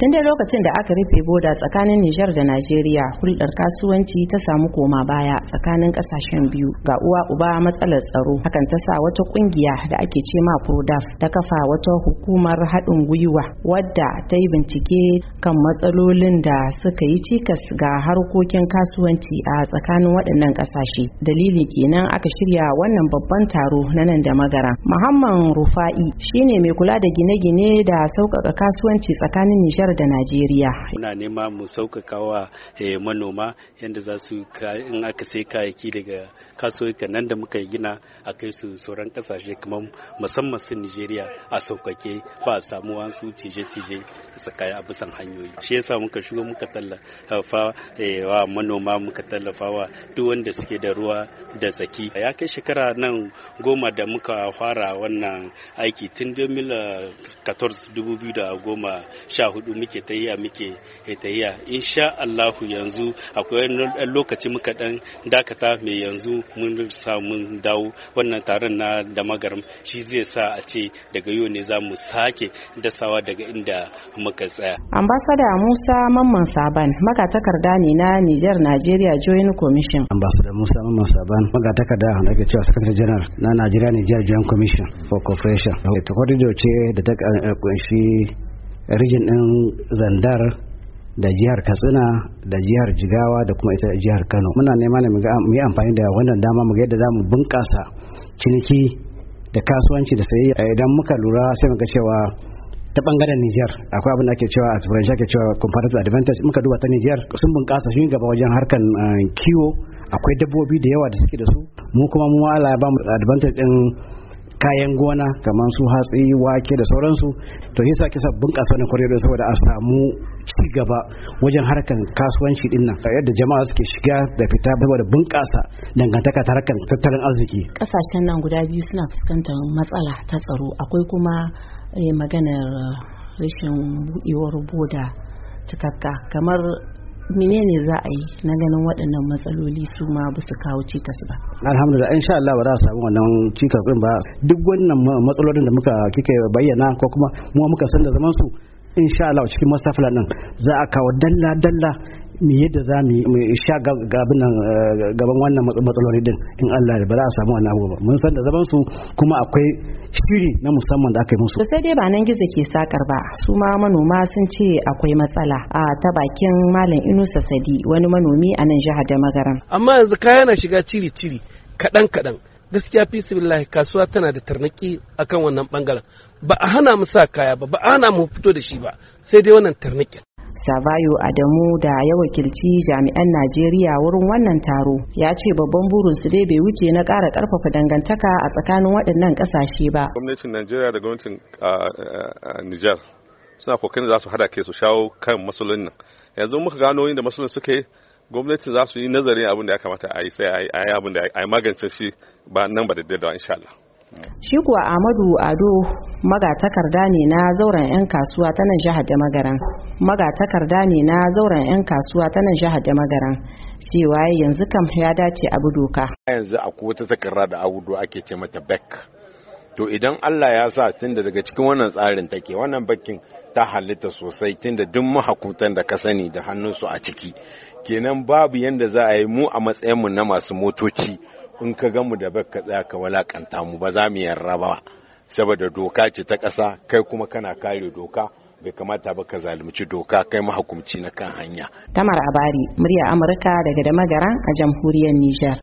tun da lokacin da aka rufe boda tsakanin Nijar da Najeriya hulɗar kasuwanci ta samu koma baya tsakanin ƙasashen biyu ga uwa uba matsalar tsaro hakan ta sa wata ƙungiya da ake ce ma Prodaf ta kafa wata hukumar haɗin gwiwa wadda ta yi bincike kan matsalolin da suka yi cikas ga harkokin kasuwanci a tsakanin waɗannan ƙasashe dalili kenan aka shirya wannan babban taro na nan da magara Muhammad Rufa'i shine mai kula da gine-gine da sauƙaƙa kasuwanci tsakanin Nijar kasar da Najeriya. Muna nema mu sauƙaƙa wa eh, manoma yadda za su in aka sai kayayyaki daga kasuwa nan da muka gina a kai su sauran ƙasashe kamar musamman su Nijeriya a sauƙaƙe ba a samu wasu cije-cije tsakanin a bisan hanyoyi. Shi yasa muka shigo muka tallafa eh, wa manoma muka tallafa wa duk wanda suke da ruwa da tsaki. Ya kai shekara nan goma da muka fara wannan aiki tun 2014 2014 muke tahiya muke tahiya insha Allahu yanzu akwai ɗan lokaci muka ɗan dakata mai yanzu mun samu dawo wannan taron na da magaram shi zai sa a ce daga yau ne za mu sake dasawa daga inda muka tsaya. Ambasada Musa Mamman Saban magatakarda ne na Nijar Nigeria Joint Commission. Ambasada Musa Mamman Saban magatakarda a ake cewa Secretary General na Nigeria Nijar Joint Commission for Cooperation. Ita ce da ta kunshi rijin ɗin zandar da jihar katsina da jihar jigawa da kuma ita jihar kano muna nema ne mu yi amfani da wannan dama mu ga yadda za mu bunƙasa ciniki da kasuwanci da sayayya eh, idan muka lura sai muka cewa ta bangaren Niger akwai abin da ake cewa a turanci ake cewa comparative advantage muka duba ta Niger sun bunkasa shi gaba wajen harkan eh, kiwo akwai dabbobi da yawa da suke da su mu kuma mu ala ba mu advantage din kayan gona kamar su hatsi wake da sauransu to yasa kisa bunƙasa wannan kwarewa saboda a samu ci gaba wajen harkan kasuwanci din nan yadda jama'a suke shiga da fita saboda bunƙasa dangantaka ta harkan tattalin arziki ƙasashen nan guda biyu suna fuskantar matsala ta tsaro akwai kuma eh, maganar eh, rashin buɗewar boda cikakka kamar menene za a yi na ganin waɗannan matsaloli su ma ba su kawo cikas ba alhamdulillah sha Allah ba za a samu wannan cikas din ba duk wannan matsalolin da muka kike bayyana ko kuma mu muka san da zaman su in sha Allah cikin mustafala nan za a kawo dalla dalla mi yadda za mu sha gaban eh, gaban wannan matsaloli din in Allah da ba za a samu wannan abu ba mun san da zaman su kuma akwai shiri na musamman da aka yi musu to sai dai ba nan gizo ke sakar ba su ma manoma sun ce akwai matsala a ta bakin malam Inusa Sadi wani manomi a nan jihar da amma yanzu kaya na shiga ciri ciri kaɗan kaɗan gaskiya fi sibillahi kasuwa tana da tarnaki akan wannan bangaren ba a hana mu sa kaya ba ba a hana mu fito da shi ba sai dai wannan tarnakin Sabayo Adamu da ya wakilci jami'an Najeriya wurin wannan taro ya ce babban burin su dai bai wuce na ƙara ƙarfafa dangantaka a tsakanin waɗannan ƙasashe ba. Gwamnatin Najeriya da gwamnatin Nijar suna kokarin za su hada ke su shawo kan masulun nan. Yanzu muka gano inda masulun suke gwamnati za su yi nazarin abin da ya kamata a yi sai a yi abin da a yi magance shi ba nan ba da daidaiwa insha Allah. shi kuwa Ahmadu Ado magatakarda ne na zauren 'yan kasuwa ta nan jihar Damagaran. magatakarda ne na zauren 'yan kasuwa ta nan jihar da magaran cewa yanzu kam ya dace abu doka yanzu akwai wata takarda da abu ake ce mata bek to idan Allah ya sa tunda daga cikin wannan tsarin take wannan bakin ta halitta sosai tunda duk mahakutan da ka sani da hannunsu a ciki kenan babu yanda za a yi mu a matsayinmu na masu motoci In ka gamu da bai ka tsaya ka walakanta mu ba za mu yarra ba saboda doka ce ta ƙasa kai kuma kana kare doka bai kamata ba ka zalunci doka kai mahukumci na kan hanya. Tamar Abari, murya Amurka daga damagaran a jamhuriyar Nijar.